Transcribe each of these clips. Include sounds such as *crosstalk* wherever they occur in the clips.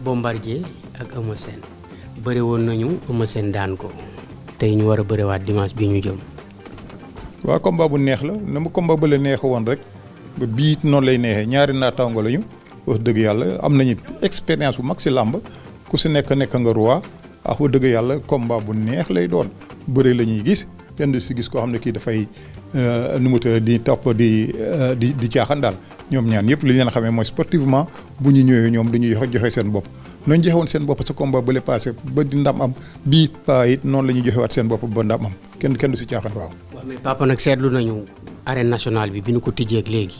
Bombardier ak Eumeu Sène bëri woon nañu Eumeu Sène daan ko tey ñu war a bëriwaat dimanche bi ñu jëm. waa combat bu neex la na mu combat ba la neex woon rek ba bii noonu lay neexee ñaari naataango lañu wax dëgg yàlla am nañu expérience bu mag si làmb ku si nekk nekk nga roi wax dëgg yàlla combat bu neex lay doon bëri la gis. kenn du si gis koo xam ne kii dafay euh, nu mu ta di topp di euh, di di caaxaan daal ñoom ñaan yëpp li leen xamee mooy sportivement bu ñu ñëwee ñoom dañuy joxe seen bopp. nañ joxe woon seen bopp sa combat bële ba di ndam am bii paa it noonu la ñuy seen bopp ba ndam am kenn kenn du si caaxaan waaw. waaw mais papa nag seetlu nañu arène national bi bi ñu ko tijjeeg léegi.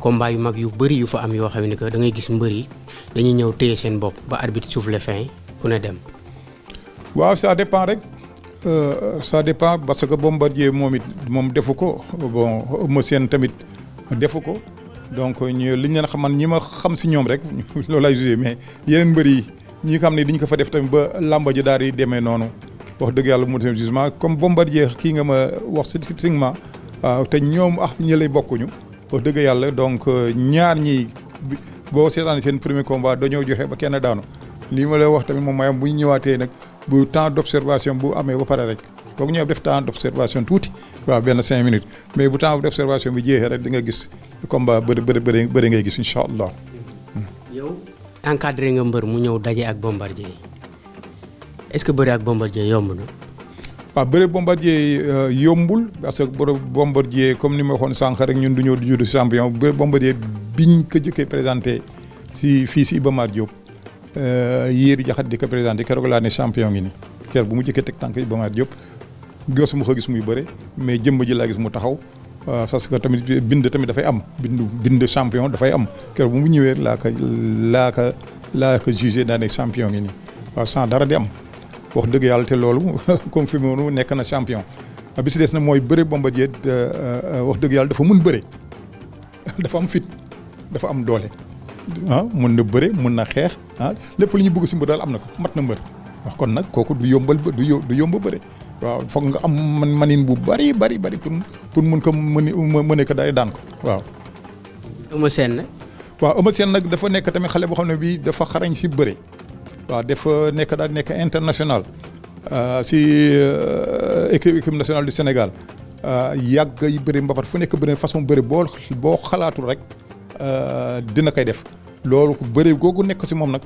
combat yu mag yu bëri yu fa am yoo xam ne que da ngay gis mbër yi dañuy ñëw téye seen bopp ba arbitre souffle fin ku ne dem. waaw ça dépend rek Euh, ça dépend parce que Bombardier momit mom defuko bon Eumeu tamit defuko donc ñu li ñu xaman ñima xam rek *laughs* mais yeneen ñi xam ni diñ ko fa def tamit ba ji wax comme Bombardier nga ma wax strictement te donc ñaar ñi boo premier combat dañoo joxe ba lii ma lay wax tamit moom mooy bu ñu ñëwaatee nag bu temps d' observation bu amee ba pare rek foog ñu def temps d' observation tuuti waaw benn cinq minutes mais bu temps d' observation bi jeexee rek di nga gis combat bëri bëri bëri bëri ngay gis incha allah. yow encadré nga mbër mu ñëw daje ak bombardier est ce que bëri ak bombardier yomb na. waaw bëre bombardier euh, yombul parce que bëre bombardier comme ni ma waxoon sànq rek ñun du ñëw du juddu champion bëre bombardier biñ ko jëkkee présenté si fii si Iba Mar Diop. Euh, Yéri Jaxate di ko présenté keroog laa ne champion ngi ni ker bu mu jëkkee teg tànk Iba Mar Diop gos mu ko gis muy bëre mais jëmm ji laa gis mu taxaw euh, parce que tamit bind tamit dafay am bind bind champion dafay am ker bu mu ñëwee laa ko laa ko laa ka jugé daa ne champion ngi ni waaw san dara di am wax dëgg yàlla te loolu *laughs* confirmé woonu nekk na champion ah, bi si des na mooy bëre Bombardier euh, wax dëgg yàlla dafa mun bëre *laughs* dafa am fit dafa am doole ah mën na bëre mën na xeex ah lépp lu ñu bëgg si mbër daal am na ko mat na mbër wax kon nag kooku du yombal du du yomb bëre waaw foog nga am man manin bu bari bari bari pour pour mun ko mën mëne ko daal daan ko waaw. Eumeu Sène nag. waaw Eumeu Sène nag dafa nekk tamit xale boo xam ne bii dafa xarañ si bëre waaw dafa nekk daal nekk international ah, si euh, équipe équipe nationale du Sénégal ah, yàgg yi bëri mbapat fu nekk bëri façon bëri boo boo xalaatul rek. Euh, dina koy def loolu ko bëre googu nekk si moom nag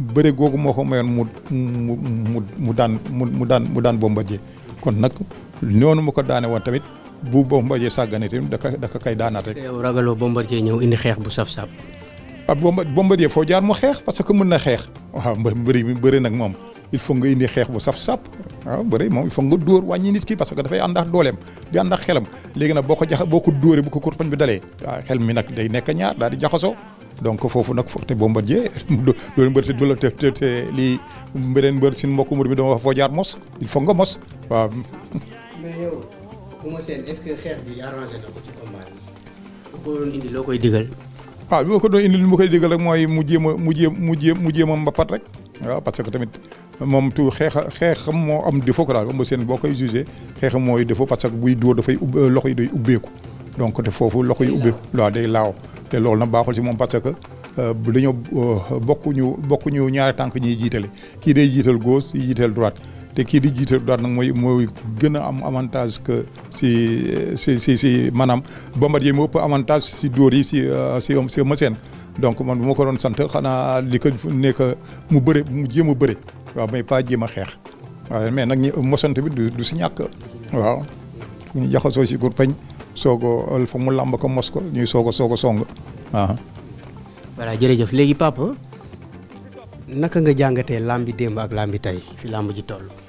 bëre googu moo ko mayoon mu mu mu mu daan mu mu daan mu daan Bombardier kon nag noonu mu ko daane woon tamit bu Bombardier sàggane tamit da ka da ka kay daanaat rek. yow ragaloo jee ñëw indi xeex bu saf-saf. ah Bombardier foo jaar mu xeex parce que mën na xeex. waaw bëri bëri nag moom il faut nga indi xeex bu saf sap waaw bëri moom il faut nga dóor wàññi nit ki parce que dafay ànd ak dooleem di ànd xelam léegi nag boo ko jaxa boo ko dóoree bu ko kurpañ bi dalee waaw xel mi nag day nekk ñaar daal di jaxasoo donc foofu nag foog te Bombardier *laughs* doon mbër te du la te te li mbeneen mbër sin mbokku mbër mi dama wax foo jaar mos il faut nga mos waaw. mais yow kuma Sène est-ce que xeex bi arrangé na ko ci combat bi. ko doon indi loo koy digal. ah bi ko doon indi li ma koy digal rek mooy mu jéem a jéem mu jéem mu jéem a mbapat rek waaw parce que tamit moom tu xeex xeexam moo am défaut ko daal Eumeu Sène boo koy jugé xeexam mooy défaut parce que buy dóor dafay ub loxo yi day ubbeeku donc te foofu loxo yi ubbeeku waaw day laaw te loolu nag baaxul si moom parce que euh, dañoo euh, bokkuñu bokkuñu ñaari tànk ñuy jiitale kii day jiital gauche yi jiital droite te kii di jiite droite nag mooy mooy gën a am avantage que si si si si maanaam Bombardier moo ëpp avantage si dóor yi si euh, si si Eumeu donc man bu ma ko doon sant xanaa li ko nekk mu bëre mu jéem a bëre waaw mais pas jéem a xeex waaw mais nag ñi mosante bi du si ñàkk waaw fu ñu si kurpañ soog a fa mu làmb ko mos ko ñuy soog a soog a song waaw. voilà jërëjëf léegi papa. naka nga jàngatee làmbi démb ak làmbi tey fi làmb ji toll.